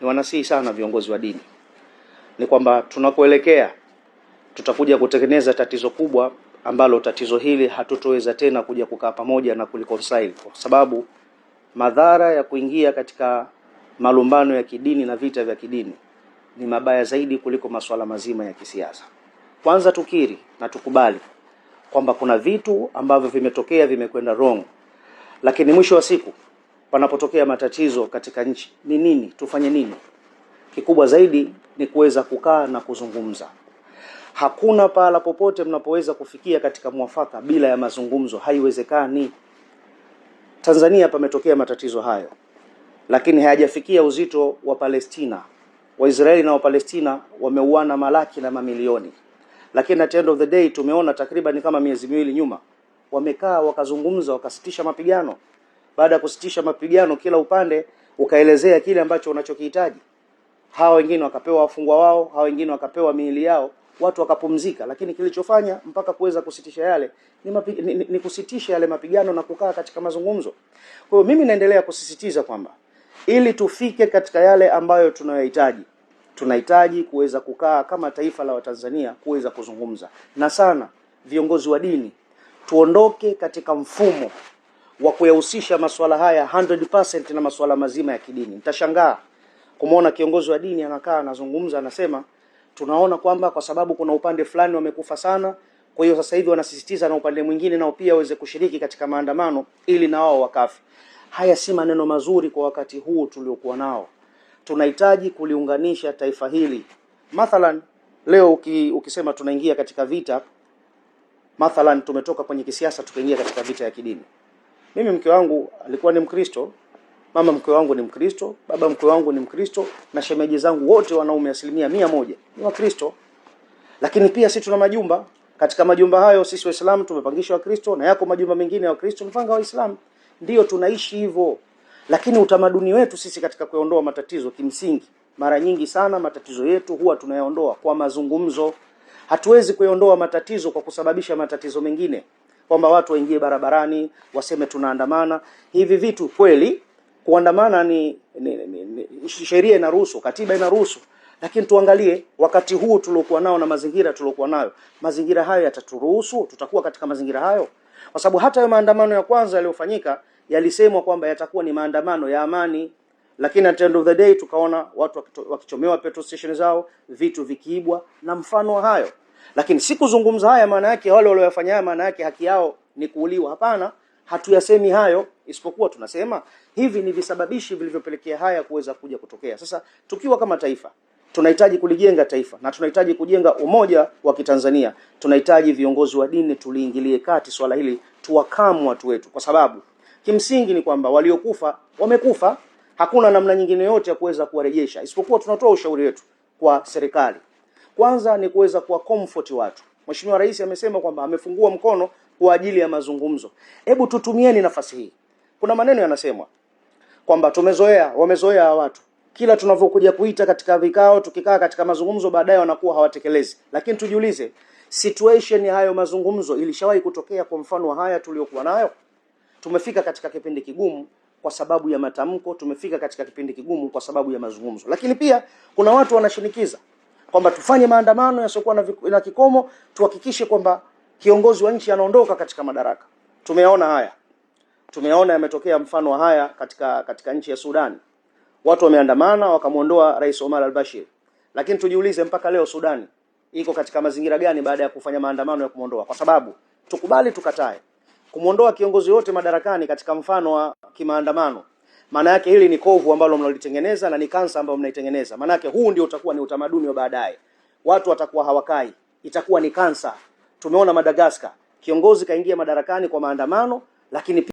ni wanasihi sana viongozi wa dini ni kwamba tunakoelekea tutakuja kutengeneza tatizo kubwa ambalo tatizo hili hatutoweza tena kuja kukaa pamoja na kulikonsaili kwa sababu madhara ya kuingia katika malumbano ya kidini na vita vya kidini ni mabaya zaidi kuliko masuala mazima ya kisiasa. Kwanza tukiri na tukubali kwamba kuna vitu ambavyo vimetokea vimekwenda wrong, lakini mwisho wa siku panapotokea matatizo katika nchi ni nini, tufanye nini. Kikubwa zaidi ni kuweza kukaa na kuzungumza. Hakuna pahala popote mnapoweza kufikia katika mwafaka bila ya mazungumzo, haiwezekani. Tanzania pametokea matatizo hayo, lakini hayajafikia uzito wa Palestina. Waisraeli na Wapalestina wameuana malaki na mamilioni, lakini at the end of the day tumeona takriban kama miezi miwili nyuma wamekaa wakazungumza, wakasitisha mapigano. Baada ya kusitisha mapigano, kila upande ukaelezea kile ambacho unachokihitaji. Hawa wengine wakapewa wafungwa wao, hawa wengine wakapewa miili yao, watu wakapumzika. Lakini kilichofanya mpaka kuweza kusitisha yale ni, mapi, ni, ni, ni kusitisha yale mapigano na kukaa katika mazungumzo. Kwa hiyo mimi naendelea kusisitiza kwamba ili tufike katika yale ambayo tunayohitaji tunahitaji kuweza kukaa kama taifa la Watanzania kuweza kuzungumza na sana viongozi wa dini, tuondoke katika mfumo wa kuyahusisha masuala haya 100% na masuala mazima ya kidini. Mtashangaa kumuona kiongozi wa dini anakaa anazungumza, anasema tunaona kwamba kwa sababu kuna upande fulani wamekufa sana, kwa hiyo sasa hivi wanasisitiza na upande mwingine nao pia waweze kushiriki katika maandamano ili na wao wakafi. Haya si maneno mazuri kwa wakati huu tuliokuwa nao. Tunahitaji kuliunganisha taifa hili. Mathalan leo uki, ukisema tunaingia katika vita, mathalan tumetoka kwenye kisiasa tukaingia katika vita ya kidini. Mimi mke wangu alikuwa ni Mkristo, mama mke wangu ni Mkristo, baba mke wangu ni Mkristo, na shemeji zangu wote wanaume asilimia mia moja ni Wakristo. Lakini pia sisi tuna majumba, katika majumba hayo sisi Waislamu tumepangisha Wakristo na yako majumba mengine ya Wakristo mpanga Waislamu, ndio tunaishi hivyo. Lakini utamaduni wetu sisi katika kuondoa matatizo, kimsingi mara nyingi sana matatizo yetu huwa tunayaondoa kwa mazungumzo. Hatuwezi kuyaondoa matatizo kwa kusababisha matatizo mengine kwamba watu waingie barabarani waseme tunaandamana. Hivi vitu kweli, kuandamana ni, ni, ni, ni sheria inaruhusu, katiba inaruhusu, lakini tuangalie wakati huu tuliokuwa nao na mazingira tuliokuwa nayo, mazingira hayo yataturuhusu? Tutakuwa katika mazingira hayo? Kwa sababu hata hayo maandamano ya kwanza yaliyofanyika yalisemwa kwamba yatakuwa ni maandamano ya amani, lakini at the end of the day tukaona watu wakichomewa petrol station zao, vitu vikiibwa na mfano wa hayo. Lakini sikuzungumza haya maana yake wale walioyafanya haya maana yake haki yao ni kuuliwa. Hapana, hatuyasemi hayo, isipokuwa tunasema hivi ni visababishi vilivyopelekea haya kuweza kuja kutokea. Sasa tukiwa kama taifa tunahitaji kulijenga taifa na tunahitaji kujenga umoja wa Kitanzania. Tunahitaji viongozi wa dini tuliingilie kati swala hili, tuwakamu watu wetu, kwa sababu kimsingi ni kwamba waliokufa wamekufa, hakuna namna nyingine yote ya kuweza kuwarejesha, isipokuwa tunatoa ushauri wetu kwa serikali. Kwanza ni kuweza kuwa comfort watu. Mheshimiwa Rais amesema kwamba amefungua mkono kwa ajili ya mazungumzo. Hebu tutumieni nafasi hii. Kuna maneno yanasemwa kwamba tumezoea, wamezoea watu kila tunavyokuja kuita katika vikao, tukikaa katika mazungumzo, baadaye wanakuwa hawatekelezi. Lakini tujiulize, situation ya hayo mazungumzo ilishawahi kutokea? Kwa mfano wa haya tuliyokuwa nayo, tumefika katika kipindi kigumu kwa sababu ya matamko, tumefika katika kipindi kigumu kwa sababu ya mazungumzo. Lakini pia kuna watu wanashinikiza kwamba tufanye maandamano yasiokuwa na, na kikomo, tuhakikishe kwamba kiongozi wa nchi anaondoka katika madaraka. Tumeona haya, tumeona yametokea mfano wa haya katika katika nchi ya Sudani, watu wameandamana wakamwondoa Rais Omar al-Bashir, lakini tujiulize mpaka leo Sudani iko katika mazingira gani baada ya kufanya maandamano ya kumwondoa? Kwa sababu tukubali tukatae, kumwondoa kiongozi yote madarakani katika mfano wa kimaandamano maana yake hili ni kovu ambalo mnalitengeneza na ni kansa ambayo mnaitengeneza. Maana yake huu ndio utakuwa ni utamaduni wa baadaye, watu watakuwa hawakai, itakuwa ni kansa. Tumeona Madagascar, kiongozi kaingia madarakani kwa maandamano, lakini